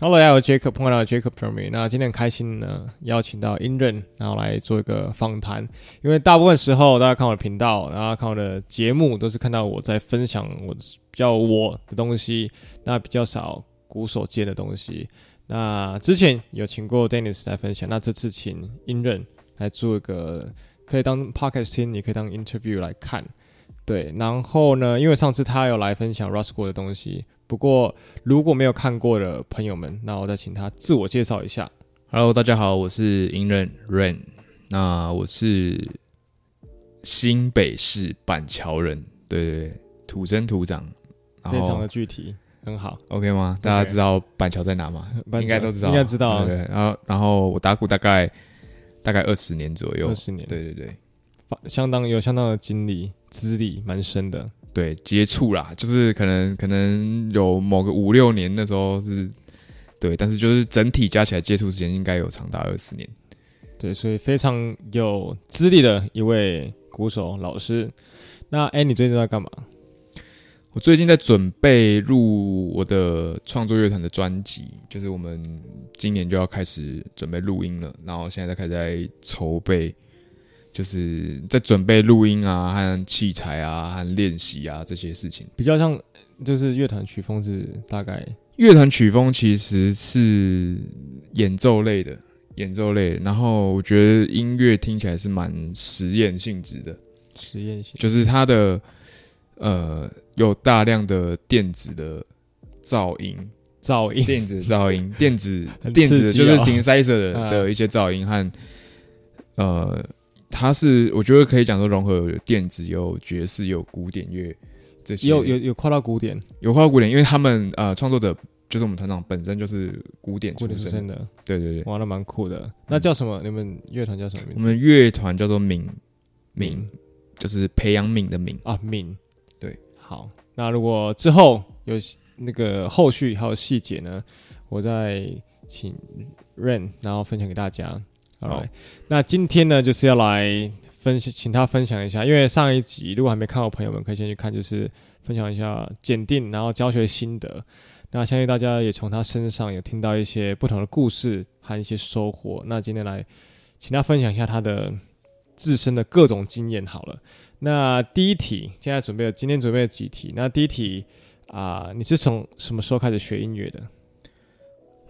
Hello，大家好，我是 Jacob，碰到了 Jacob j r e m y 那今天開心呢，邀請到 Inren，然後來做一個訪談。因為大部分時候大家看我的頻道，然後看我的節目，都是看到我在分享我比較我的東西，那比較少古所見的東西。那之前有請過 Dennis 來分享，那這次請 Inren 來做一個可以當 podcast 聽，也可以當 interview 來看。對，然後呢？因為上次他有來分享 Rushcore 的東西，不過如果沒有看過的朋友們，那我再請他自我介紹一下。Hello，大家好，我是英任 Ren，那我是新北市板橋人，對對對，土生土長，非常的具體，很好。OK 嗎？大家知道板橋在哪嗎？應該都知道，應該知道。啊、對，對，然後然後我打鼓大概大概二十年左右，二十年，對對對。相當有相當的經歷資歷，蠻深的。對，接觸啦，就是可能可能有某個五六年那時候是，對，但是就是整體加起來接觸時間應該有長達二十年。對，所以非常有資歷的一位鼓手老師。那哎、欸，你最近在幹嘛？我最近在準備錄我的創作樂團的專輯，就是我們今年就要開始準備錄音了，然後現在在開始籌備。就是在準備錄音啊，和器材啊，和練習啊這些事情，比較像，就是樂團曲風是大概樂團曲風其實是演奏類的，演奏類。然後我覺得音樂聽起來是蠻實驗性質的，實驗性就是它的呃有大量的電子的噪音，噪音，電子噪音，電子 電子、哦、就是 synthesizer 的一些噪音和、嗯、呃。他是我覺得可以講說融合有電子有爵士，有古典樂這些，有有有跨到古典，有跨到古典，因為他們呃創作者就是我們團長本身就是古典出身的，對對對，玩的蠻酷的，嗯。那叫什麼？你們樂團叫什麼名字？我們樂團叫做皿皿，就是培養皿的皿啊皿。對，好。那如果之後有那個後續還有細節呢，我再請 Ren 然後分享給大家。好、哦，那今天呢，就是要來分析，請他分享一下。因為上一集如果還沒看過，朋友們可以先去看，就是分享一下檢定，然後教學心得。那相信大家也從他身上有聽到一些不同的故事和一些收穫。那今天來請他分享一下他的自身的各種經驗。好了，那第一題，現在準備了，今天準備了幾題？那第一題啊、呃，你是從什麼時候開始學音樂的？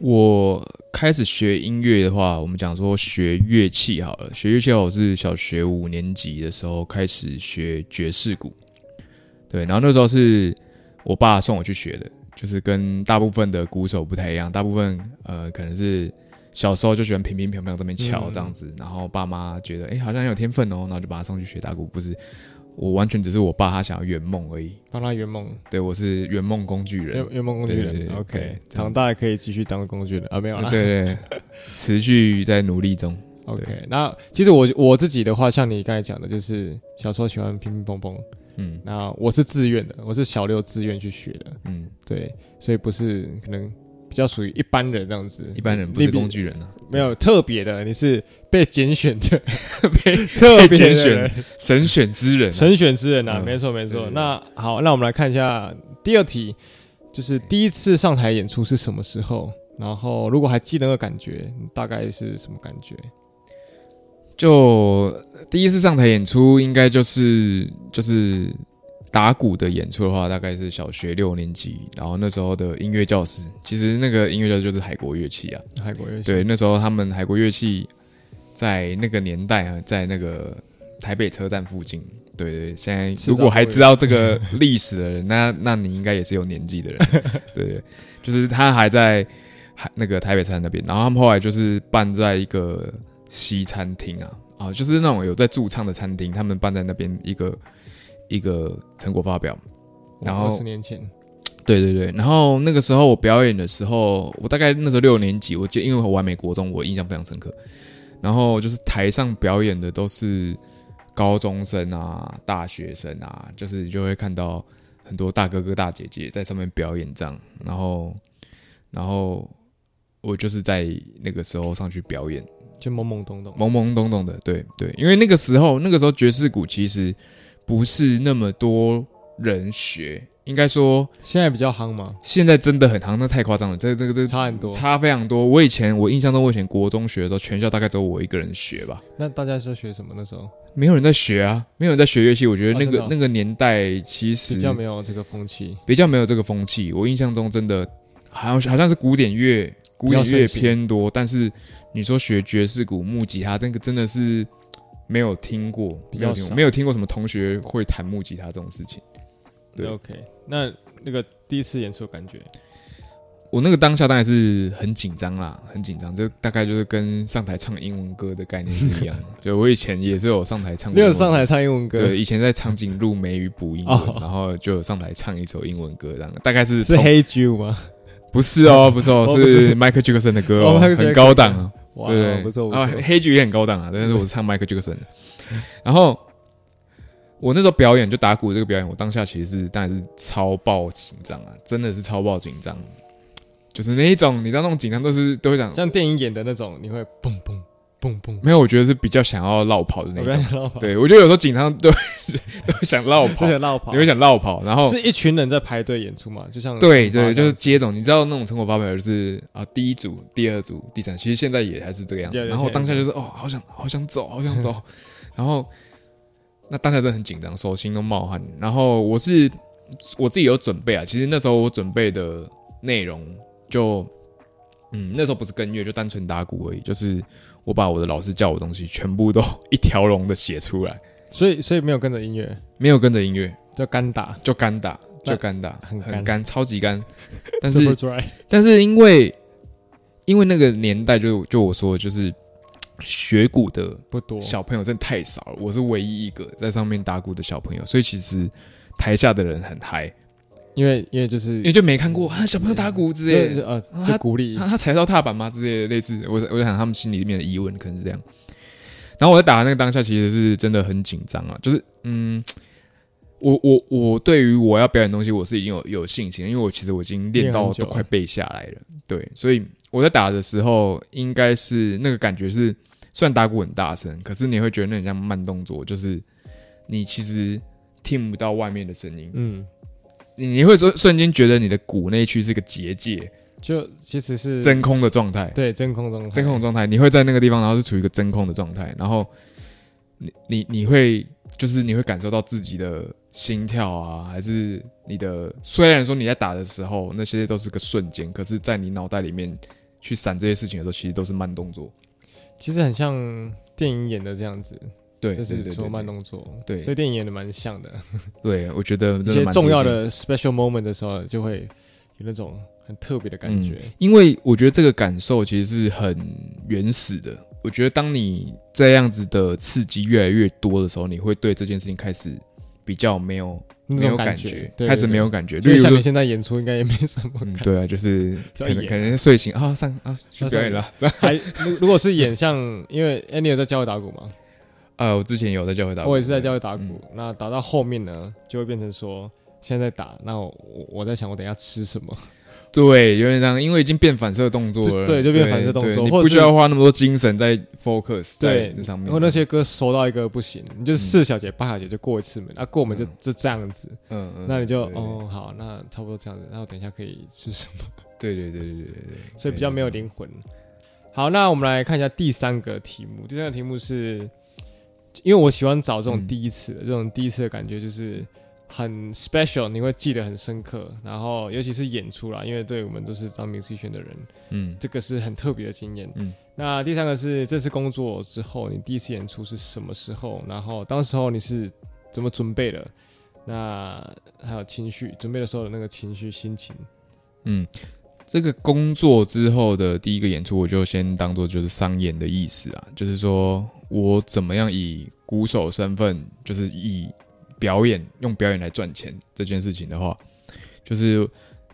我開始學音樂的話，我們講說學樂器好了，學樂器我是小學五年級的時候開始學爵士鼓，對，然後那時候是我爸送我去學的，就是跟大部分的鼓手不太一樣，大部分呃可能是小時候就喜歡乒乒乓乓這邊敲這樣子，嗯嗯然後爸媽覺得誒、欸、好像很有天分哦，然後就把他送去學打鼓，不是。我完全只是我爸，他想要圓夢而已，幫他圓夢。對，我是圓夢工具人，圓夢工具人。對對對 OK，長大還可以繼續當工具人啊，沒有啦，對，對對，持續在努力中。 OK，那其實我我自己的話，像你剛才講的，就是小時候喜歡乒乒乓乓，乓乓。嗯，那我是自願的，我是小六自願去學的，嗯，對，所以不是可能。比較屬於一般人這樣子，一般人不是工具人啊，沒有特別的，你是被揀選的， 被特別的被揀選神選之人、啊，神選之人啊，嗯、沒錯沒錯。對對對對，那好，那我們來看一下第二題，就是第一次上台演出是什麼時候？然後如果還記得那個感覺，大概是什麼感覺？就第一次上台演出，應該就是就是。就是打鼓的演出的話，大概是小學六年級，然後那時候的音樂教室，其實那個音樂教就是海國樂器啊，海國樂器。對，那時候他們海國樂器在那個年代啊，在那個台北車站附近。對對對，現在如果還知道這個歷史的人，那那你應該也是有年紀的人。對，就是他還在海那個台北車站那邊，然後他們後來就是辦在一個西餐廳啊啊，就是那種有在駐唱的餐廳，他們辦在那邊一個。一個成果發表，然後十年前，對對對，然後那個時候我表演的時候，我大概那時候六年級，我就因為我玩美國中，我印象非常深刻。然後就是台上表演的都是高中生啊、大學生啊，就是你就會看到很多大哥哥大姐姐在上面表演這樣。然後，然後我就是在那個時候上去表演，就懵懵懂懂、懵懵懂懂的。對對，因為那個時候，那個時候爵士鼓其實。不是那麼多人學，應該說現在比較夯嗎？現在真的很夯，那太誇張了。這、這個、這差很多，差非常多。我以前，我印象中，我以前國中學的時候，全校大概只有我一個人學吧。那大家說學什麼？那時候沒有人在學啊，沒有人在學樂器。我覺得那個、啊、那個年代其實比較沒有這個風氣，比較沒有這個風氣。我印象中真的好像好像是古典樂，古典樂偏多。但是你說學爵士鼓、木吉他，這、那個真的是。沒有聽過，沒有聽過什麼同學會彈木吉他這種事情。對，OK，那那個第一次演出的感覺，我那個當下當然是很緊張啦，很緊張，這大概就是跟上台唱英文歌的概念是一樣。 就我以前也是有上台唱英文，沒有上台唱英文歌，對，以前在長頸鹿美語補音、 哦，然後就有上台唱一首英文歌，這樣的，大概是是 Hey Jude 嗎？ 不是哦，不是哦， 哦是，是 Michael Jackson 的歌哦， 哦，很高檔，哦。哇、wow，不錯，不錯，黑菊，也很高檔啊，但是我是唱邁克傑克遜的。然後我那時候表演就打鼓的這個表演，我當下其實是，當然是超爆緊張啊，真的是超爆緊張，就是那一種，你知道那種緊張都是都會想，像電影演的那種，你會嘣嘣。砰砰沒有，我覺得是比較想要落跑的那種。我對我覺得有時候緊張，都 都想落跑，你 會想落跑。 然後是一群人在排隊演出嘛，就像對對，就是接種。你知道那種成果發表就是啊，第一組、第二組、第三，其實現在也還是這個樣子。然後當下就是哦，好想好想走，好想走。 然後那當下真的很緊張，手心都冒汗。然後我是我自己有準備啊，其實那時候我準備的內容就嗯，那時候不是跟樂，就單純打鼓而已，就是。我把我的老師教我東西全部都一條龍的寫出來，所以所以沒有跟着音樂，沒有跟着音樂，就乾打就乾打就乾打，很很乾，超級乾。 但是、so、dry 但是因為因為那個年代就，就就我說的，就是學鼓的不多，小朋友真的太少了，我是唯一一個在上面打鼓的小朋友，所以其實台下的人很嗨。因為，因為就是，因為就沒看過、嗯、啊？小朋友打鼓之類的，呃，就鼓勵、啊、他，他，他踩到踏板嗎？之類的類似，我我在想他們心裡面的疑問可能是這樣。然後我在打的那個當下，其實是真的很緊張啊。就是，嗯，我我我對於我要表演的東西，我是已經有有信心，因為我其實我已經練到都快背下來了，了。對，所以我在打的時候，應該是那個感覺是，雖然打鼓很大聲，可是你會覺得那很像慢動作，就是你其實聽不到外面的聲音，嗯。你會說瞬瞬間覺得你的骨內區是一個結界，就其實是真空的狀態。對，真空的狀態。真空的狀態，你會在那個地方，然後是處於一個真空的狀態。然後你你你會就是你會感受到自己的心跳啊，還是你的？雖然說你在打的時候那些都是個瞬間，可是在你腦袋裡面去閃這些事情的時候，其實都是慢動作。其實很像電影演的這樣子。對，對，說慢動作，對，所以電影演的蠻像的。對，我覺得一些重要的 special moment 的時候，就會有那種很特別的感覺、嗯。因為我覺得這個感受其實是很原始的。我覺得當你這樣子的刺激越來越多的時候，你會對這件事情開始比較沒有沒有感覺，開始沒有感覺。就像你現在演出應該也沒什麼感覺。嗯、對啊，就是可能，可能，可能睡醒啊上啊去表演了。 還如如果是演像，因為 Annie、欸、在教我打鼓嘛？呃、啊，我之前有在教會打鼓，我也是在教會打鼓。嗯、那打到後面呢，就會變成說現在在打。那我我,我在想，我等一下吃什麼？對，有點這樣，因為已經變反射動作了，對，就變反射動作，你不需要花那麼多精神在 focus 對在上面。那些歌熟到一個不行，你就四小節八小節就過一次門，那、啊、過門就、嗯、就這樣子。嗯嗯，那你就對對對哦好，那差不多這樣子。那我等一下可以吃什麼？對對對對對對。所以比較沒有靈魂。好，那我們來看一下第三個題目。第三個題目是。因為我喜歡找這種第一次的、嗯，這種第一次的感覺就是很 special，你會記得很深刻。然後尤其是演出啦，因為對我們都是當明星選的人，嗯，這個是很特別的經驗。嗯，那第三個是這次工作之後，你第一次演出是什麼時候？然後當時候你是怎麼準備的？那還有情緒，準備的時候的那個情緒心情。嗯，這個工作之後的第一個演出，我就先當做就是商演的意思啊，就是說。我怎麼樣以鼓手身份，就是以表演用表演來賺錢這件事情的話，就是啊、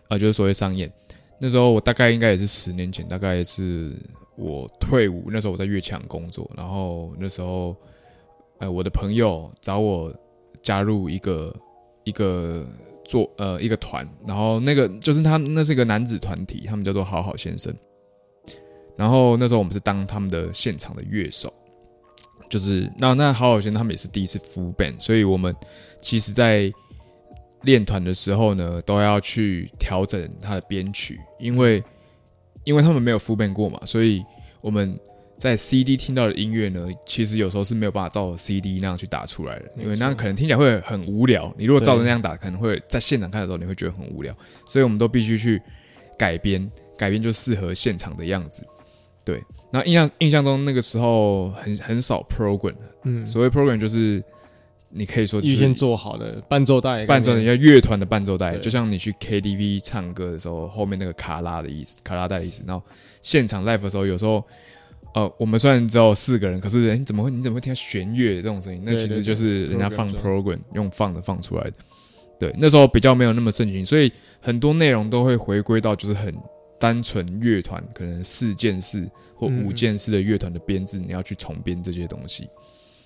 呃，就是所謂商演。那時候我大概應該也是十年前，大概也是我退伍那時候，我在樂器行工作。然後那時候，呃，我的朋友找我加入一個一個做呃一個團，然後那個就是他那是一個男子團體，他們叫做好好先生。然後那時候我們是當他們的現場的樂手。就是那那好好先生他們也是第一次 full band，所以我們其實在練團的時候呢，都要去調整他的編曲，因為因為他們沒有 full band 過嘛，所以我們在 CD 聽到的音樂呢，其實有時候是沒有辦法照著 CD 那樣去打出來的，因為那樣可能聽起來會很無聊。你如果照着那樣打，可能會在現場看的時候你會覺得很無聊，所以我們都必須去改編，改編就適合現場的樣子。對，那印象印象中那個時候很很少 program 的，嗯，所謂 program 就是你可以說預先做好的伴奏帶，伴奏人家樂團的伴奏帶，就像你去 KTV 唱歌的時候後面那個卡拉的意思，卡拉帶的意思。然後現場 live 的時候，有時候呃我們雖然只有四個人，可是人怎麼會你怎麼會聽到弦樂的這種聲音？那其實就是人家放 program 用放的放出來的。對，那時候比較沒有那麼盛行，所以很多內容都會回歸到就是很。單純樂團可能四件式或五件式的樂團的編制，嗯，你要去重編這些東西，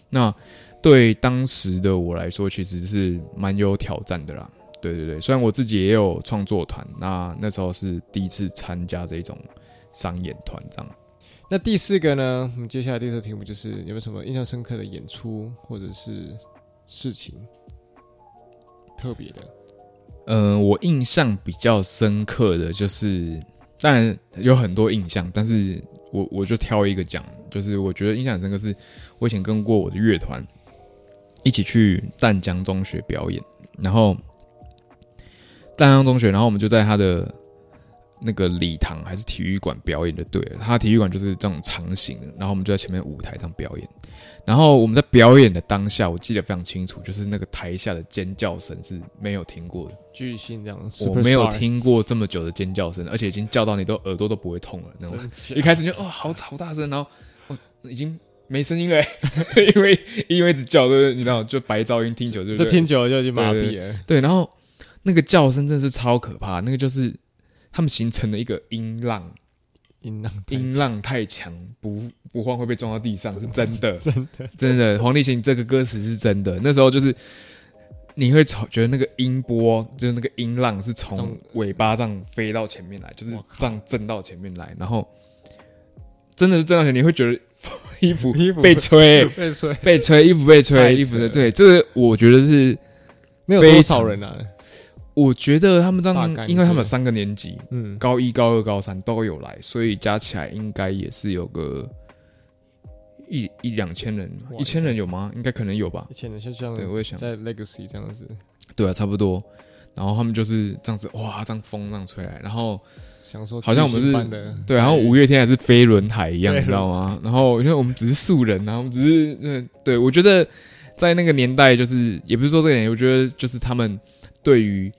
那對當時的我來說，其實是蠻有挑戰的啦。對對對，雖然我自己也有創作團，那那時候是第一次參加這種商演團這樣。那第四個呢？我們接下來第四題目就是有沒有什麼印象深刻的演出或者是事情特別的？嗯、呃，我印象比較深刻的就是。當然有很多印象，但是我我就挑一個講，就是我覺得印象很深刻，是我以前跟過我的樂團一起去淡江中學表演，然後淡江中學，然後我們就在他的那個禮堂還是體育館表演就對了，他體育館就是這種長形的，然後我們就在前面舞台上表演。然後我們在表演的當下，我記得非常清楚，就是那個台下的尖叫聲是沒有聽過的，巨星這樣，我沒有聽過這麼久的尖叫聲，而且已經叫到你都耳朵都不會痛了那種。一開始就哇，好吵，好大聲，然後哦，已經沒聲音了， 因為因為一直叫，就是你知道，就白噪音聽久就這聽久了就已經麻痹了，了。對。然後那個叫聲真的是超可怕，那個就是他們形成了一個音浪。音浪音浪，太強，不不晃會被撞到地上，是真的，真的，真的。黃立行這個歌詞是真的，那時候就是你會從覺得那個音波，就是那個音浪是從尾巴上飛到前面來，就是這樣震到前面來，然後真的是震到前面，是震到前面你會覺得衣服衣服被吹被吹被吹衣服被吹衣服的吹，對，這個我覺得是非常，沒有多少人啊。我覺得他們這樣，因為他們三個年級，嗯，高一、高二、高三都有來，所以加起來應該也是有個一一兩千人，一千人有嗎？應該可能有吧。一千人像這樣，我也想在 Legacy 這樣子。對啊，差不多。然後他們就是這樣子，哇，這樣風浪吹來，然後想說好像我們是對，然後五月天還是飛輪海一樣，你知道嗎？然後因為我們只是素人，然後我們只是嗯，對，我覺得在那個年代，就是也不是說這一點，我覺得就是他們對於。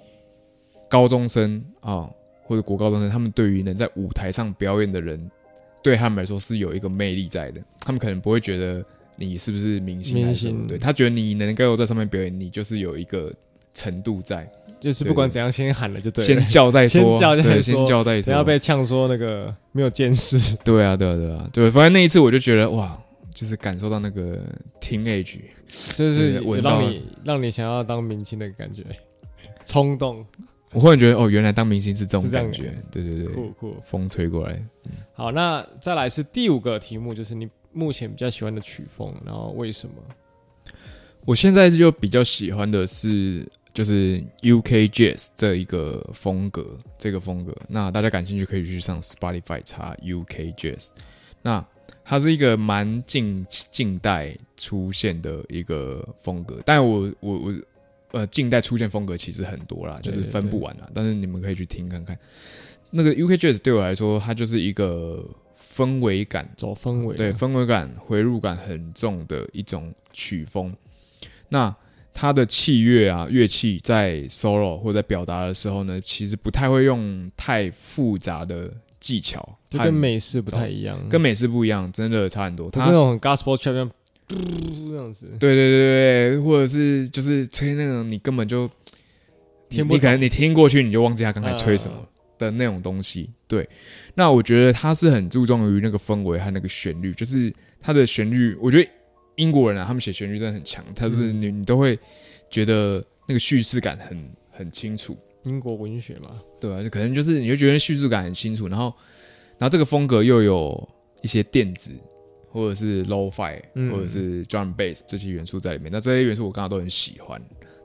高中生啊，哦，或者國高中生，他們對於能在舞台上表演的人，對他們來說是有一個魅力在的。他們可能不會覺得你是不是明星還是什麼，明星，對他覺得你能夠在上面表演，你就是有一個程度在，就是不管怎樣，先喊了就對了，對，先叫再說，先叫再說，先叫再說，不要被嗆說那個沒有見識。對啊，啊對啊、對啊，對啊，對。反正那一次我就覺得哇，就是感受到那個 teenage 就是我讓你讓你想要當明星的感覺，衝動。我忽然覺得，哦，原來當明星是這種感覺，對對對，酷酷，風吹過來。嗯、好，那再來是第五個題目，就是你目前比較喜歡的曲風，然後為什麼？我現在就比較喜歡的是就是 UK Jazz 這一個風格，這個風格，那大家感興趣可以去上 Spotify 查 UK Jazz。那它是一個蠻近近代出現的一個風格，但我我我。我呃，近代出現風格其實很多啦，就是分不完啦對對對。但是你們可以去聽看看，那個 UK Jazz 對我來說，它就是一個氛圍感，走氛圍，嗯、對氛圍感、回入感很重的一種曲風。那它的器樂啊，樂器在 solo 或者在表達的時候呢，其實不太會用太複雜的技巧，它就跟美式不太一樣，跟美式不一樣，真的差很多。它是那種很 Gospel 嘟這樣子，對對對對，或者是就是吹那種你根本就聽不聽，你可能你聽過去你就忘記他剛才吹什麼的那種東西啊啊啊啊。對，那我覺得他是很注重於那個氛圍和那個旋律，就是他的旋律，我覺得英國人啊，他們寫旋律真的很強，他、嗯、是你你都會覺得那個敘事感很很清楚。英國文學嘛，對啊，就可能就是你就覺得敘事感很清楚，然後然後這個風格又有一些電子。或者是 lo-fi，或者是 drum bass 這些元素在裡面。嗯、那這些元素我剛剛都很喜歡。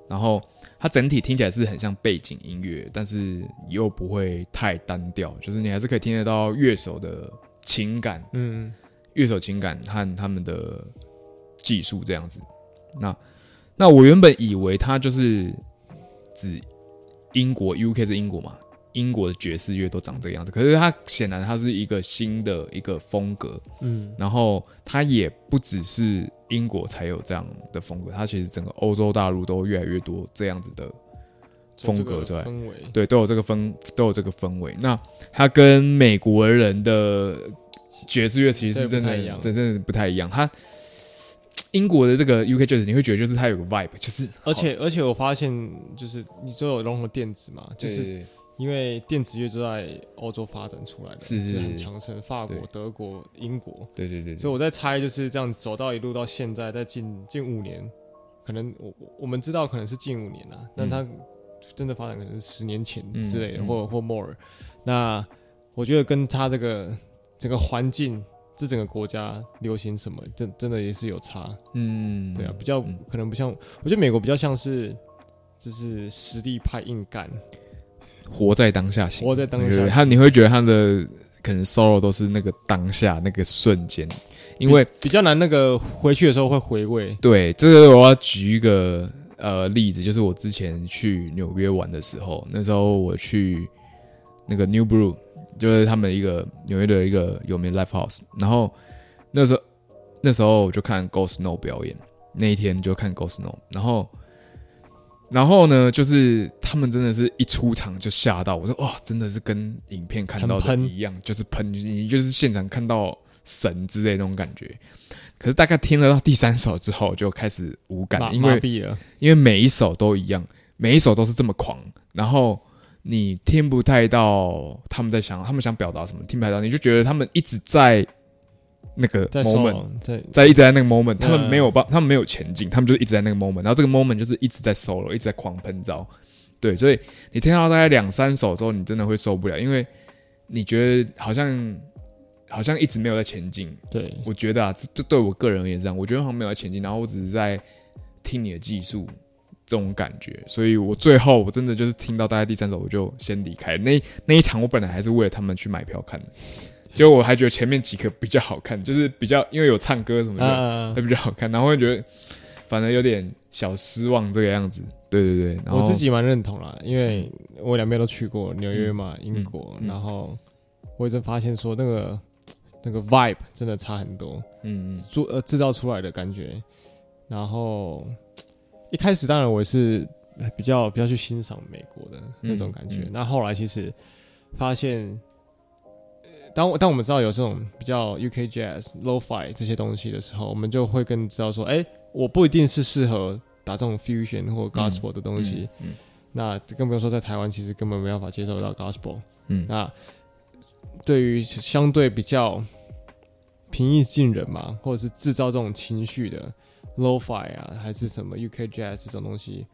然後它整體聽起來是很像背景音樂，但是又不會太單調，就是你還是可以聽得到樂手的情感，嗯，樂手情感和他們的技術這樣子。那那我原本以為它就是指英國，UK 是英國嘛？英國的爵士樂都長這個樣子，可是它顯然它是一個新的一個風格，嗯，然後它也不只是英國才有這樣的風格，它其實整個歐洲大陸都越來越多這樣子的風格在，對，都有這個風，都有這個氛圍。那它跟美國人的爵士樂其實是真的不太一樣，真的不太一樣。它英國的這個 UK Jazz，就是，你會覺得就是它有個 vibe，就是而且而且我發現就是你說有融合電子嘛，就是。對對對對因為電子樂就在歐洲發展出來的，是是，是，是很強盛，法國、德國、英國，對對，對對對，所以我在猜就是這樣子走到一路到現在，在近近五年，可能我我們知道可能是近五年了、啊嗯，但他真的發展可能是十年前之類的，嗯嗯嗯或或 more 嗯嗯。那我覺得跟他這個整個環境，這整個國家流行什麼，真真的也是有差，嗯，嗯，嗯，嗯，嗯，對啊，比較可能不像，嗯、我覺得美國比較像是就是實力派硬幹。活在當下行，活在當下行是是。他你會覺得他的可能 solo 都是那個當下那個瞬間，因為比，比較難。那個回去的時候會回味。對，這個我要舉一個呃例子，就是我之前去紐約玩的時候，那時候我去那個 New Blue 就是他們一個紐約的一個有名的 live house，然後那時候那時候我就看 Ghost Note 表演，那一天就看 Ghost Note，然後。然後呢，就是他們真的是一出場就嚇到我，我說，哇、哦，真的是跟影片看到的一樣，就是噴，就是現場看到神之類的那種感覺。可是大概聽得到第三首之後就開始無感，因為因為每一首都一樣，每一首都是這麼狂，然後你聽不太到他們在想，他們想表達什麼，聽不太到，你就覺得他們一直在。那個 moment，在，在一直在那個 moment，對對對，他們沒有幫，他們沒有前進，他們就是一直在那個 moment。然後這個 moment 就是一直在 solo，一直在狂噴招，對。所以你聽到大概兩三首之後，你真的會受不了，因為你覺得好像好像一直沒有在前進。對，我覺得啊，這這對我個人而言是這樣，我覺得好像沒有在前進，然後我只是在聽你的技術這種感覺。所以我最後我真的就是聽到大概第三首，我就先離開。那那一場我本來還是為了他們去買票看的。結果我還覺得前面幾個比較好看，就是比較因為有唱歌什麼的，會、啊啊啊啊啊、比較好看。然後會覺得反正有點小失望這個樣子。對對對，然後我自己蠻認同啦，因為我兩邊都去過紐約嘛、嗯，英國，嗯嗯、然後我就發現說那個那個 vibe 真的差很多，嗯，嗯做呃製造出來的感覺。然後一開始當然我是比較比較去欣賞美國的那種感覺，那、嗯嗯、後，後來其實發現。當當我們知道有這種比較 UK Jazz、Lo-Fi 這些東西的時候，我們就會更知道說，哎、欸，我不一定是適合打這種 Fusion 或 Gospel 的東西。嗯嗯嗯。那更不用說在台灣，其實根本沒辦法接受到 Gospel。嗯。那對於相對比較平易近人嘛，或者是制造這種情緒的 Lo-Fi 啊，還是什麼 UK Jazz 這種東西，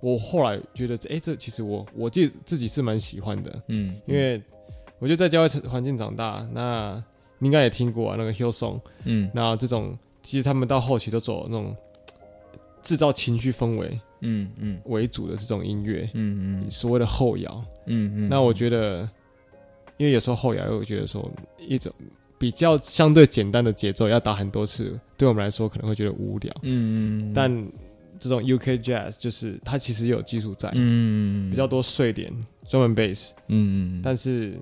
我後來覺得，哎、欸，這其實我我自己，自己是蠻喜歡的。嗯。嗯因為。我就在教會環境長大，那你應該也聽過啊，那個 Hillsong，嗯，那這種其實他們到後期都走那種製造情緒氛圍，嗯，嗯嗯為主的這種音樂，嗯嗯，所謂的後搖，嗯嗯。那我覺得，因為有時候後搖，我覺得說一種比較相對簡單的節奏要打很多次，對我們來說可能會覺得無聊，嗯嗯。但這種 UK Jazz 就是它其實也有技術在，嗯嗯，比較多碎點，專門 bass，嗯嗯，但是。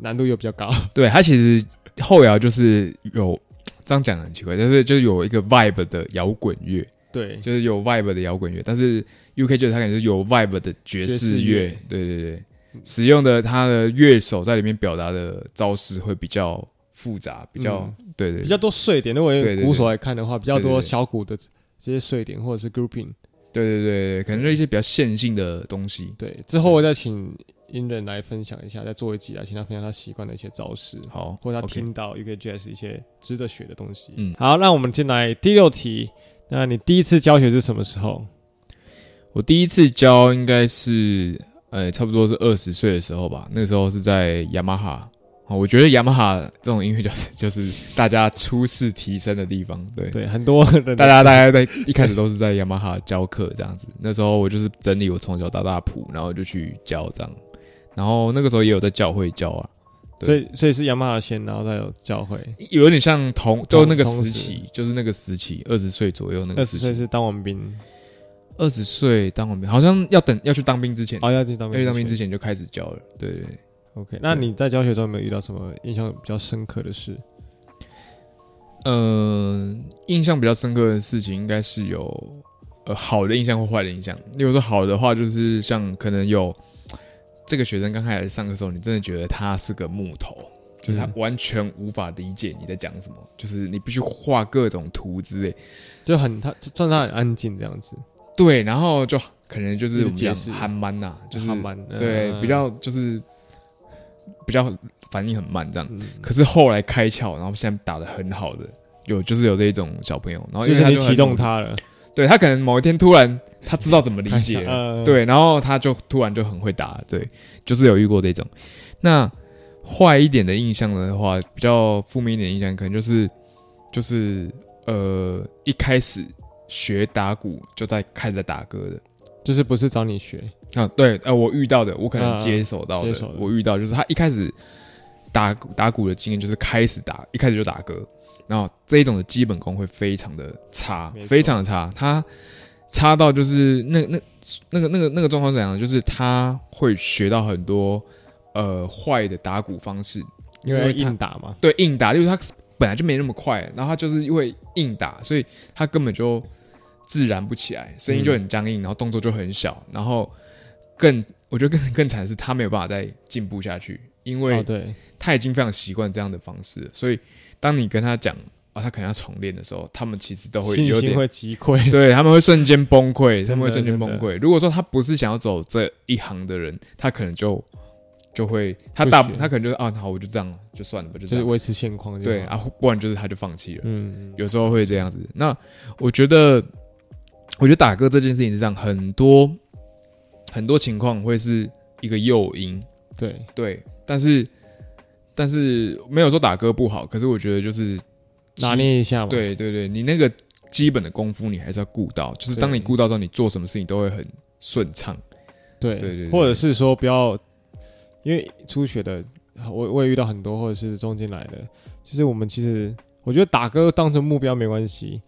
難度又比較高。對，它其實後搖就是有這樣講的很奇怪，就是就是有一個 vibe 的搖滾樂，對，就是有 vibe 的搖滾樂，但是 UK 就是它感覺是有 vibe 的爵士樂，對對對，使用的它的樂手在裡面表達的招式會比較複雜，比較、嗯、對對，對比較多碎點，如果有鼓手來看的話，對對對對對比較多小鼓的這些碎點或者是 grouping，對對對，對，對，可能是一些比較線性的東西。對，之後我再請。嗯音樂來分享一下，再做一集來，請他分享他習慣的一些招式，好，或者他、okay. 聽到 UK Jazz 一些值得學的東西。嗯，好，那我們進來第六題。那你第一次教學是什麼時候？我第一次教應該是，呃、欸、差不多是二十歲的時候吧。那時候是在雅馬哈，我覺得雅馬哈這種音樂教室就是大家初試提升的地方。對對，很多人大家大家在 一開始都是在雅馬哈教課這樣子。那時候我就是整理我從小到大譜，然後就去教這樣。然後那個時候也有在教會教啊，對，所以所以是亞馬先，然後再有教會，有點像同,就,同就是那個時期，就是那個時期二十歲左右那個時期，二十歲是當完兵，二十歲當完兵，好像要等要去當兵之前哦、啊、要去當兵要去當兵之前就開始教了，對對，OK 對。那你在教學中有沒有遇到什麼印象比較深刻的事？呃，印象比較深刻的事情應該是有呃好的印象或壞的印象。例如果說好的話，就是像可能有。這個學生剛開始上課的時候，你真的覺得他是個木頭，就是他完全無法理解你在講什麼、嗯，就是你必須畫各種圖紙，就很他，就算他很安靜這樣子。對，然後就可能就是比較憨蠻吶，就是、啊、對，比較就是比較反應很慢這樣。嗯、可是後來開竅，然後現在打得很好的，有就是有這一種小朋友，然後就，就是你啟動他了。對，他可能某一天突然他知道怎麼理解了 對，嗯嗯，然後他就突然就很會打，對，就是有遇過這種。那壞一點的印象的話，比較負面一點的印象，可能就是就是呃，一開始學打鼓就在開始在打歌的，就是不是找你學啊。對，呃，我遇到的，我可能接手到的嗯嗯接受，我遇到的就是他一開始打打鼓的經驗就是開始打，一開始就打歌。然後這一種的基本功會非常的差，非常的差，他差到就是那那那，那個那個那個狀況是怎樣？就是他會學到很多呃壞的打鼓方式，因為，因為硬打嘛，對硬打，因為他本來就沒那麼快，然後他就是因為硬打，所以他根本就自然不起來，聲音就很僵硬，嗯，然後動作就很小，然後更我覺得更更慘的是他沒有辦法再進步下去，因為對，他已經非常習慣這樣的方式了，所以，當你跟他講啊、哦，他可能要重練的時候，他們其實都會有點信心會擊潰，對他們會瞬間崩潰，他們會瞬間崩潰。如果說他不是想要走這一行的人，他可能就就會他大他可能就是啊，好我就這樣就算了吧，就這樣、就是維持現況。對啊，不然就是他就放棄了。嗯，有時候會這樣子。嗯嗯、那我覺得，我覺得打歌這件事情是這樣，很多很多情況會是一個誘因。對對，但是。但是沒有說打歌不好，可是我覺得就是拿捏一下嘛。對對對，你那個基本的功夫你還是要顧到，就是當你顧到之後，你做什麼事情都會很順暢。對對對，或者是說不要，因為初學的，我我也遇到很多，或者是中間來的，就是我們其實我覺得打歌當成目標沒關係，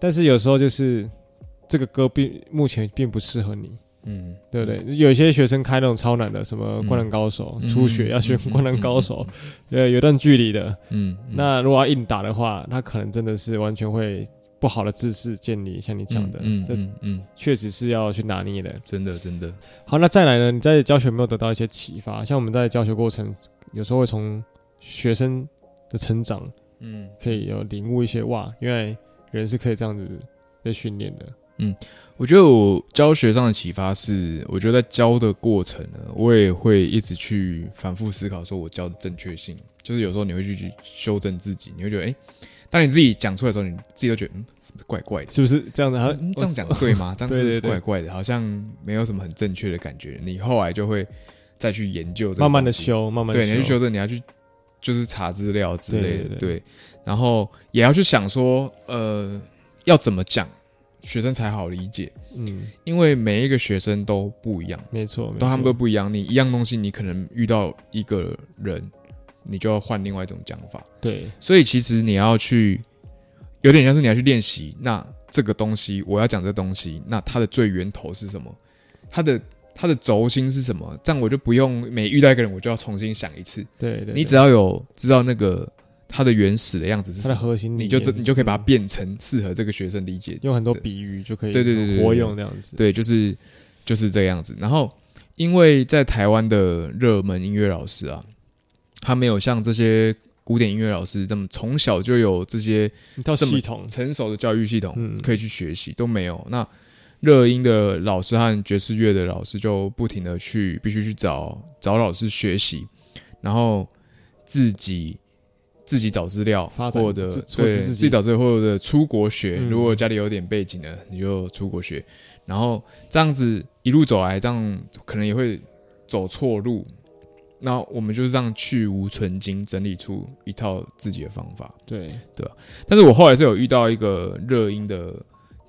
但是有時候就是這個歌並目前並不適合你。嗯，對不對？有些學生開那種超難的，什麼灌籃高手、嗯，初學要學灌籃高手，呃、嗯嗯嗯， 有段距離的嗯。嗯，那如果要硬打的話，他可能真的是完全會不好的姿勢建立，像你講的，嗯嗯嗯，嗯嗯確實是要去拿捏的。真的，真的。好，那再來呢？你在教學有沒有得到一些啟發？像我們在教學過程，有時候會從學生的成長，嗯，可以有領悟一些哇，因為人是可以這樣子被訓練的。嗯。我覺得我教學上的啟發是，我覺得在教的過程呢，我也會一直去反覆思考，說我教的正確性。就是有時候你會去去修正自己，你會覺得，誒，欸，當你自己講出來的時候，你自己都覺得嗯，什麼怪怪的，是不是這樣子，嗯？這樣講對嗎？這樣子怪怪的，好像沒有什麼很正確的感覺。對對對，你後來就會再去研究這，慢慢的修，慢慢的修，對，你要去修正，你要去就是查資料之類的，對，對，對，對，對，然後也要去想說，呃，要怎麼講。學生才好理解，嗯，因為每一個學生都不一樣，沒錯，都他們都不一樣。你一樣東西，你可能遇到一個人，你就要換另外一種講法。對，所以其實你要去，有點像是你要去練習。那這個東西，我要講這個東西，那它的最源頭是什麼？它的它的軸心是什麼？這樣我就不用每遇到一個人，我就要重新想一次。對，對，對，你只要有知道那個。它的原始的樣子是它的核心，你就你就可以把它變成適合這個學生理解，用很多比喻就可以，對對活用這樣子對對對對、對，就是就是這個樣子。然後，因為在台灣的熱門音樂老師啊，他沒有像這些古典音樂老師這麼從小就有這些這麼成熟的教育系統可以去學習，嗯，都沒有。那熱音的老師和爵士樂的老師就不停地去必須去找找老師學習，然後自己。自己找資料，或者，自，或者是自，己自己找資料，或者出國學、嗯。如果家裡有點背景的，你就出國學。然後這樣子一路走來，這樣可能也會走錯路。那我們就是這樣去蕪存菁整理出一套自己的方法。對對。但是我後來是有遇到一個熱音的，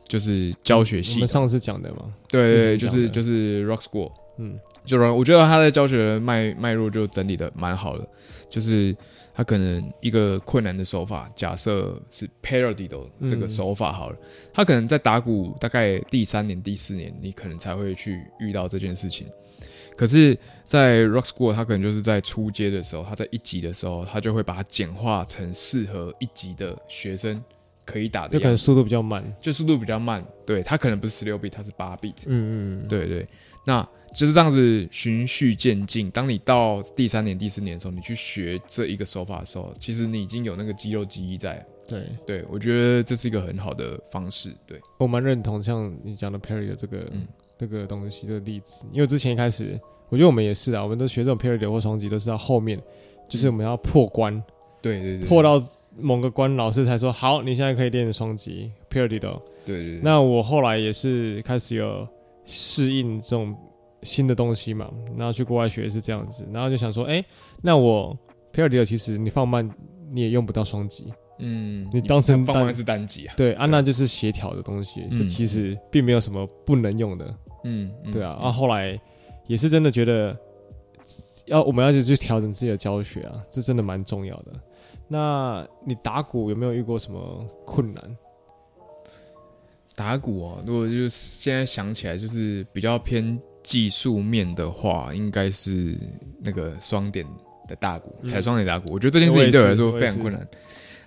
就是教學系，嗯、我們上次講的嘛。對，就是就是 Rock School。嗯。就我覺得他在教學的脈脈絡就整理的蠻好的，就是他可能一個困難的手法，假設是 parody 的這個手法好了、嗯，他可能在打鼓大概第三年、第四年，你可能才會去遇到這件事情。可是，在 Rock School，他可能就是在初階的時候，他在一級的時候，他就會把它簡化成適合一級的學生可以打的樣子，就可能速度比較慢，就速度比較慢。對，他可能不是十六 beat，他是八 beat。嗯嗯嗯。對,對對，那。就是這樣子循序漸進。當你到第三年、第四年的時候，你去學這一個手法的時候，其實你已經有那個肌肉記憶在。對對，我覺得這是一個很好的方式。對，我蠻認同像你講的 paradiddle 這個、嗯、這個東西這個例子，因為之前一開始，我覺得我們也是啊，我們都學這種 paradiddle 或雙擊，都是到後面就是我們要破關。嗯、對，對對對，破到某個關，老師才說好，你現在可以練雙擊 paradiddle 的。Perdido、對，對，對對。那我後來也是開始有適應這種。新的東西嘛，然後去國外學是這樣子，然後就想說，哎、欸，那我 Paradiddle 其實你放慢你也用不到雙擊，嗯，你當成放慢是單擊啊，對，安娜、啊、就是協調的東西，這、嗯、其實並沒有什麼不能用的，嗯，對啊，然後後來也是真的覺得要我們要去去調整自己的教學啊，這真的蠻重要的。那你打鼓有沒有遇過什麼困難？打鼓啊，如果就是現在想起來就是比較偏。技術面的話，應該是那個雙點的大鼓，踩雙點大鼓、嗯，我覺得這件事情對我來說非常困難。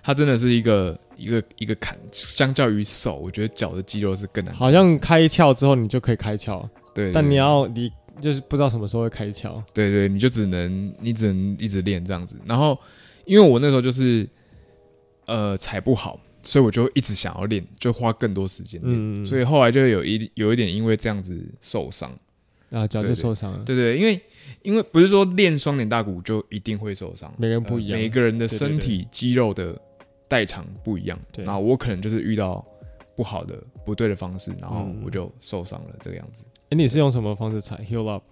它真的是一個一個一個坎，相較於手，我覺得腳的肌肉是更難。好像開竅之後，你就可以開竅。對，對，對，但你要你就是不知道什麼時候會開竅。對，對對，你就只能你只能一直練這樣子。然後，因為我那時候就是呃踩不好，所以我就一直想要練，就花更多時間練、嗯。所以後來就有一有一點因為這樣子受傷。啊，腳就受傷了。對，對對，因為因為不是說練雙臉大鼓就一定會受傷，每個人不一樣，呃、每個人的身體對對對肌肉的代償不一樣。對，對，對，那我可能就是遇到不好的、不對的方式，然後我就受傷了、嗯、這個樣子。哎、欸，你是用什麼方式踩 Heal up？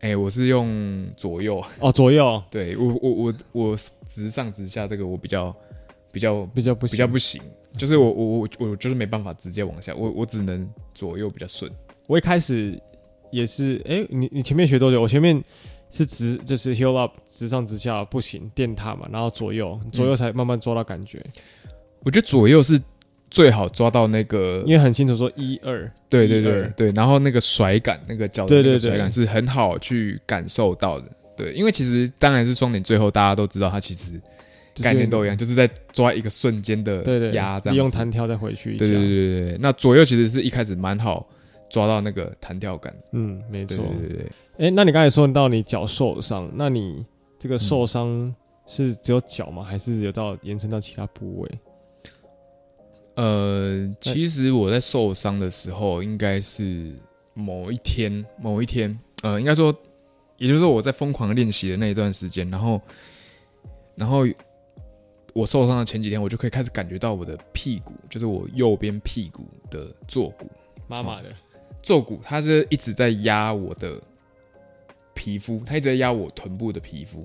哎，我是用左右。哦，左右。對我我我我直上直下這個我比較比較比較不行比較不行，就是我我我我就是沒辦法直接往下，我我只能左右比較順。我一開始。也是，哎、欸，你你前面學多久？我前面是直，就是 heel up，直上直下不行，墊踏嘛，然後左右左右才慢慢抓到感覺、嗯。我覺得左右是最好抓到那個，因為很清楚說一二，對對對對，對，對，然後那個甩感，那個角度的甩感是很好去感受到的。對，對，對，對，對，因為其實當然是雙點，最後大家都知道它其實概念都一樣，就是、就是、在抓一個瞬間的壓，這樣對對對用彈跳再回去一下。對，對對對對，那左右其實是一開始蠻好抓到那個彈跳感，嗯，沒錯，對對對，對。哎、欸，那你剛才說到你腳受傷，那你這個受傷是只有腳嗎？嗯、還是有到延伸到其他部位？呃，其實我在受傷的時候，應該是某一天，某一天，呃，應該說，也就是說我在瘋狂練習的那一段時間，然後，然後我受傷的前幾天，我就可以開始感覺到我的屁股，就是我右邊屁股的坐骨，媽媽的。哦坐骨，它是一直在壓我的皮膚，它一直在壓我臀部的皮膚，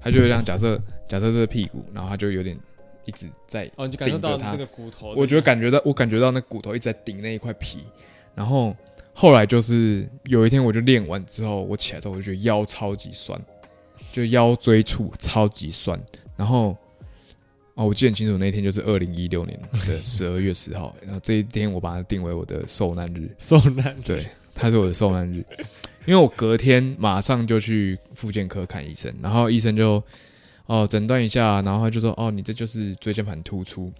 它就像假設 假設是屁股，然後它就有點一直在頂著它哦，你就感覺到那個骨頭，我覺得感覺到我感覺到那骨頭一直在頂那一塊皮，然後後來就是有一天我就練完之後，我起來之後我就覺得腰超級酸，就腰椎處超級酸，然後。哦，我記得很清楚，那一天就是二零一六年的十二月十號， 然後這一天我把它定為我的受難日。受難日，對，它是我的受難日， 因為我隔天馬上就去復健科看醫生，然後醫生就哦診斷一下，然後他就說哦，你這就是椎間盤突出，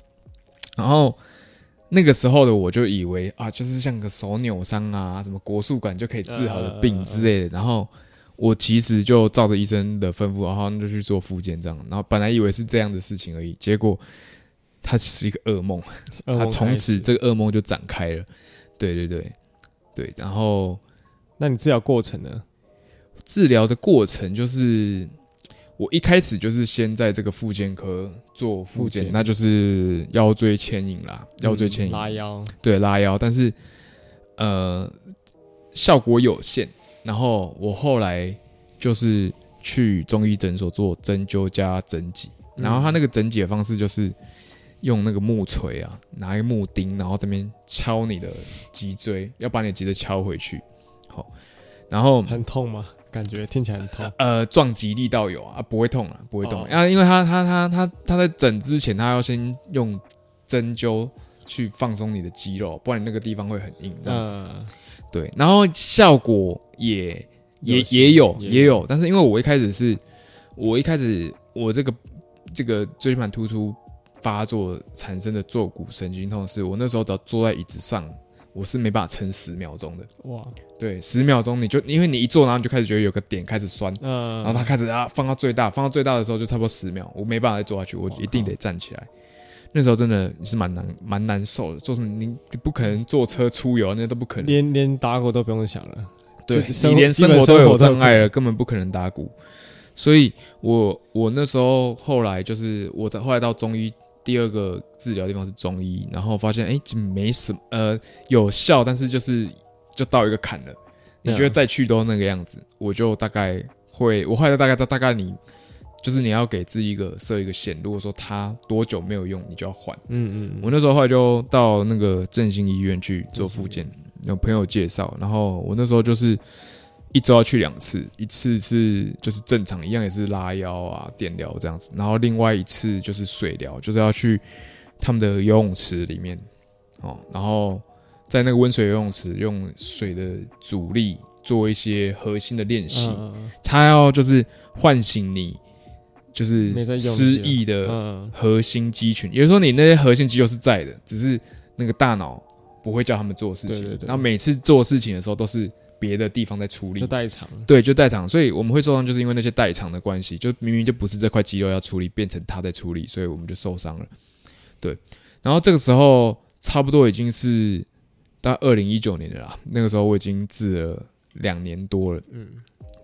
然後那個時候的我就以為啊，就是像個手扭傷啊，什麼國術館就可以治好的病之類的，uh... 然後。我其實就照着醫生的吩咐，然後就去做復健，這樣。然後本來以為是這樣的事情而已，結果它是一個噩夢。他從此這個噩夢就展開了。對對對對，然後那你治療過程呢？治療的過程就是我一開始就是先在這個復健科做復健，那就是腰椎牽引啦，腰椎牽引、嗯、拉腰，對，拉腰，但是呃效果有限。然後我後來就是去中醫診所做針灸加整脊，然後他那個整脊的方式就是用那個木錘啊，拿一個木釘，然後這邊敲你的脊椎，要把你的脊椎敲回去。好，然後很痛嗎？感覺聽起來很痛。呃，撞擊力道有啊，不會痛啊，不會痛。啊，因為他他他他他在整之前，他要先用針灸去放鬆你的肌肉，不然你那個地方會很硬，這樣子。對，然後效果也也也有也有、也有，但是因為我一開始是，我一開始我這個這個椎間盤突出發作產生的坐骨神經痛是，是我那時候只要坐在椅子上，我是沒辦法撐十秒鐘的。哇，對，十秒鐘你就因為你一坐，然後就開始覺得有個點開始痠，嗯，然後它開始啊放到最大，放到最大的時候就差不多十秒，我沒辦法再坐下去，我一定得站起來。那時候真的是蠻難、蠻難受的。做什麼？你不可能坐車出遊，那個、都不可能。連連打鼓都不用想了，對，你連生活都有障礙了，根本不可能打鼓。所以我，我我那時候後來就是我在後來到中醫第二個治療的地方是中醫，然後發現哎、欸，沒什麼呃有效，但是就是就到一個坎了。你覺得再去都那個樣子，我就大概會我後來就大概到大概你。就是你要給自己一個設一個限，如果說它多久沒有用，你就要換。嗯嗯，我那時候後來就到那個振興醫院去做復健，有朋友介紹，然後我那時候就是一周要去兩次，一次是就是正常一樣，也是拉腰啊、電療這樣子，然後另外一次就是水療，就是要去他們的游泳池裡面哦，然後在那個溫水游泳池用水的阻力做一些核心的練習，他要就是喚醒你。就是失憶的核心肌群，也就是說，你那些核心肌肉是在的，只是那個大腦不會叫他們做事情。然後每次做事情的時候，都是別的地方在處理，就代償。對，就代償。所以我們會受傷，就是因為那些代償的關係，就明明就不是這塊肌肉要處理，變成他在處理，所以我們就受傷了。對。然後這個時候差不多已經是到二零一九年了啦。那個時候我已經治了兩年多了。嗯。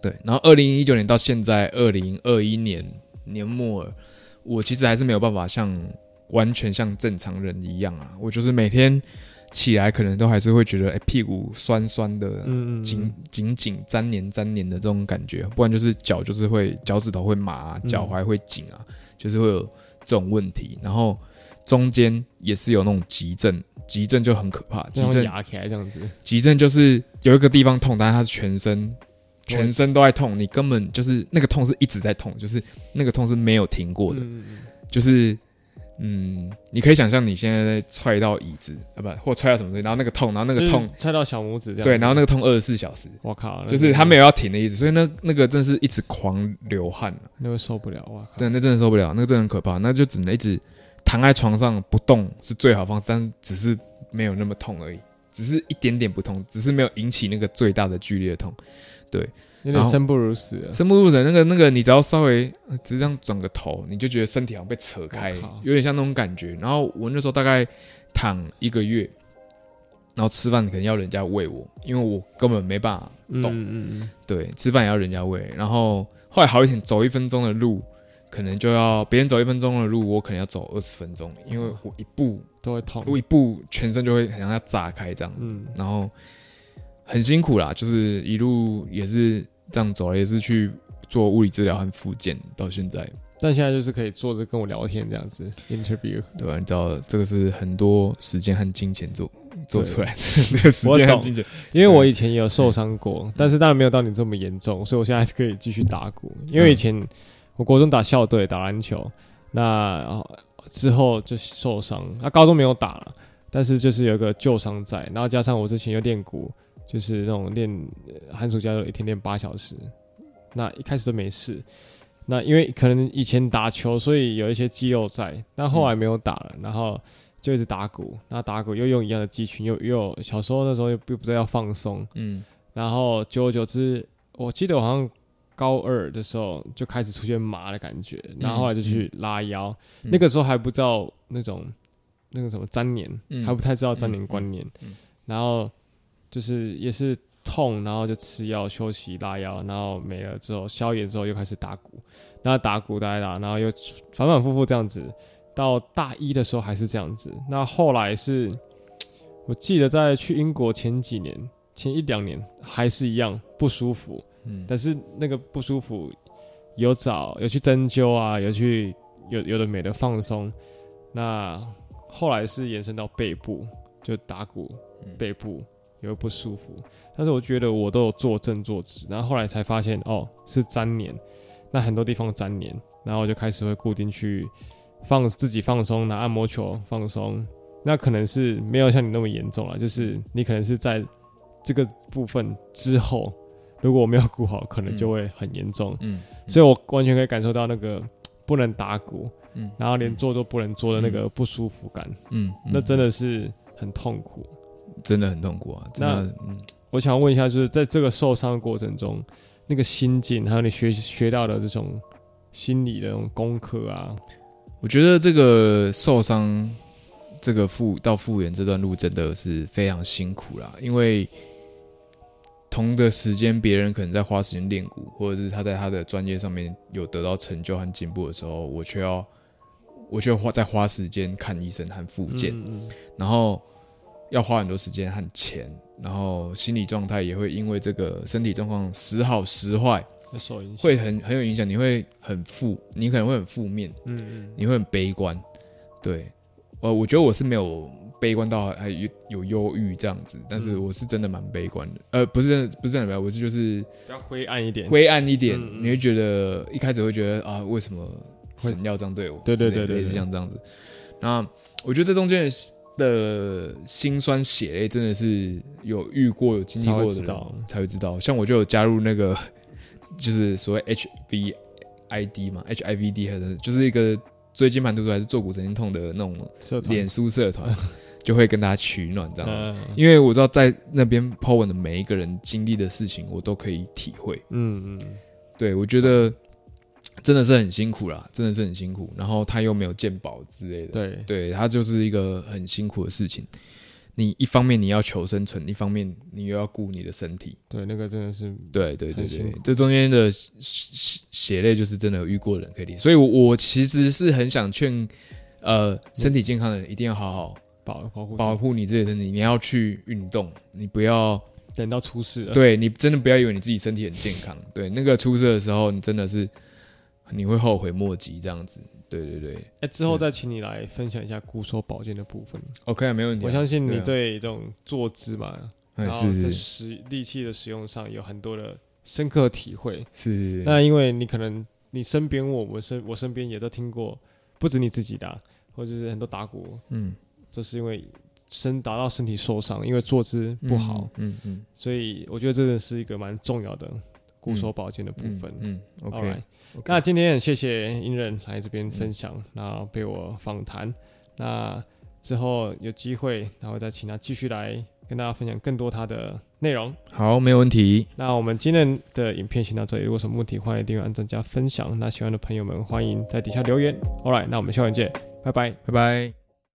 對。然後二零一九年到現在二零二一年。年末，我其實還是沒有辦法像完全像正常人一樣啊。我就是每天起來，可能都還是會覺得哎、欸、屁股酸酸的，啊，緊緊緊粘黏粘黏的這種感覺。不然就是腳就是會腳趾頭會麻，啊，腳踝會緊啊，嗯、就是會有這種問題。然後中間也是有那種急症，急症就很可怕。急症牙開這樣子。急症就是有一個地方痛，但是它是全身，全身都在痛，你根本就是那個痛是一直在痛，就是那個痛是沒有停過的，嗯嗯、就是嗯，你可以想象你現在在踹到椅子啊，不，或踹到什麼東西，然後那個痛，然後那個痛、就是、踹到小拇指這樣，對，然後那個痛二十四小時，我靠，就是他沒有要停的意思，所以那那個真是一直狂流汗、啊、那你、個、會受不了，哇靠，對，那真的受不了，那個真的很可怕，那就只能一直躺在床上不動是最好的方式，但是只是沒有那麼痛而已，只是一點點不痛，只是沒有引起那個最大的劇烈的痛。對，有點生不如死了，生不如死。那個那個，你只要稍微只是這樣轉個頭，你就覺得身體好像被扯開、oh，有點像那種感覺。然後我那時候大概躺一個月，然後吃飯可能要人家餵我，因為我根本沒辦法動。嗯嗯，嗯對，吃飯也要人家餵。然後後來好一點，走一分鐘的路，可能就要別人走一分鐘的路，我可能要走二十分鐘，因為我一步都會痛，我一步全身就會好像要炸開這樣子。嗯、然後。很辛苦啦，就是一路也是這樣走了，也是去做物理治療和復健，到現在。但現在就是可以坐着跟我聊天這樣子，interview，對吧、啊？你知道這個是很多時間和金錢做做出來的。出來的 時間和金錢。我懂，因為我以前也有受傷過，但是當然沒有到你這麼嚴重、嗯，所以我現在可以繼續打鼓。因為以前我國中打校隊打籃球，那、哦、之後就受傷，那、啊、高中沒有打了，但是就是有個舊傷在，然後加上我之前又練鼓。就是那種練寒暑假就一天練八小時，那一開始都沒事，那因為可能以前打球，所以有一些肌肉在，但後來沒有打了，然後就一直打鼓，那打鼓又用一樣的肌群，又又小時候那時候又並不知道要放鬆，嗯，然後久而久之，我記得我好像高二的時候就開始出現麻的感覺，嗯、然後後來就去拉腰，嗯、那個時候還不知道那種那個什麼沾黏，嗯、還不太知道沾黏觀念，嗯、然後。就是也是痛，然後就吃藥休息拉藥，然後沒了之後消炎之後又開始打鼓，那打鼓打啦，然後又反反复覆這樣子，到大一的時候還是這樣子。那後來是我記得在去英國前幾年前一兩年還是一樣不舒服。嗯，但是那個不舒服有找有去針灸啊，有去有有的沒的放鬆。那後來是延伸到背部，就打鼓，背部。嗯也會不舒服，但是我覺得我都有坐正坐直，然後後來才發現哦，是粘黏。那很多地方粘黏，然後我就開始會固定去放自己放鬆，拿按摩球放鬆，那可能是沒有像你那麼嚴重了，就是你可能是在這個部分之後，如果我沒有顧好，可能就會很嚴重，嗯，所以我完全可以感受到那個不能打鼓，嗯，然後連坐都不能坐的那個不舒服感，嗯，那真的是很痛苦。真的很痛苦啊！真的。那，我想問一下，就是在這個受傷的過程中，那個心境還有你學學到的這種心理的功課啊，我覺得這個受傷，這個復到復原這段路真的是非常辛苦啦。因為同的時間，別人可能在花時間練鼓，或者是他在他的專業上面有得到成就和進步的時候，我卻要我卻花在花時間看醫生和復健，嗯，然後。要花很多時間和錢，然後心理狀態也會因為這個身體狀況時好時壞，會很很有影響。你會很負，你可能會很負面，嗯嗯，你會很悲觀，對，呃，我覺得我是沒有悲觀到還，還有有憂鬱這樣子，但是我是真的蠻悲觀的，呃，不是不是很悲觀，我是就是比較灰暗一點，灰暗一點，暗一點、嗯，你會覺得一開始會覺得啊，為什麼神要這樣對我？對對對，對對對對，是像這樣子。那我覺得這中間是。的心酸血淚真的是有遇過、有經歷過的，知道才會知道。像我就有加入那個，就是所謂 HVID 嘛，HIVD 還是就是一個椎間盤突出還是坐骨神經痛的那種，臉書社團就會跟大家取暖這樣。嗯、因為我知道在那邊 PO 文的每一個人經歷的事情，我都可以體會。嗯嗯，對，我覺得。真的是很辛苦啦，真的是很辛苦。然後他又沒有健保之類的，對，對他就是一個很辛苦的事情。你一方面你要求生存，一方面你又要顧你的身體，對，那個真的是，對對對對，這中間的血血淚就是真的有遇過的人可以。所以我其實是很想勸，呃，身體健康的人一定要好好保保護保護你自己的身體，你要去運動，你不要等到出事了。對你真的不要以為你自己身體很健康， 對那個出事的時候，你真的是。你會後悔莫及，這樣子，對對對。哎、欸，之後再請你來分享一下鼓手保健的部分。OK，沒問題、啊。我相信你對這種坐姿嘛，啊、然後在使力氣的使用上有很多的深刻的體會。是，是。那因為你可能你身邊我我身我身邊也都聽過，不止你自己打，或者是很多打鼓，嗯，這、就是因為身打到身體受傷，因為坐姿不好，嗯嗯，嗯，所以我覺得這個是一個蠻重要的鼓手保健的部分。嗯，嗯，嗯，OK。Alright Okay. 那今天謝謝英任來這邊分享、嗯，然後被我訪談。那之後有機會，然後再請他繼續來跟大家分享更多他的內容。好，沒有問題。那我們今天的影片先到這裡，如果有什麼問題，歡迎訂閱、按讚加分享。那喜歡的朋友們，歡迎在底下留言。好，來，那我們下回見，拜拜，拜拜。拜拜。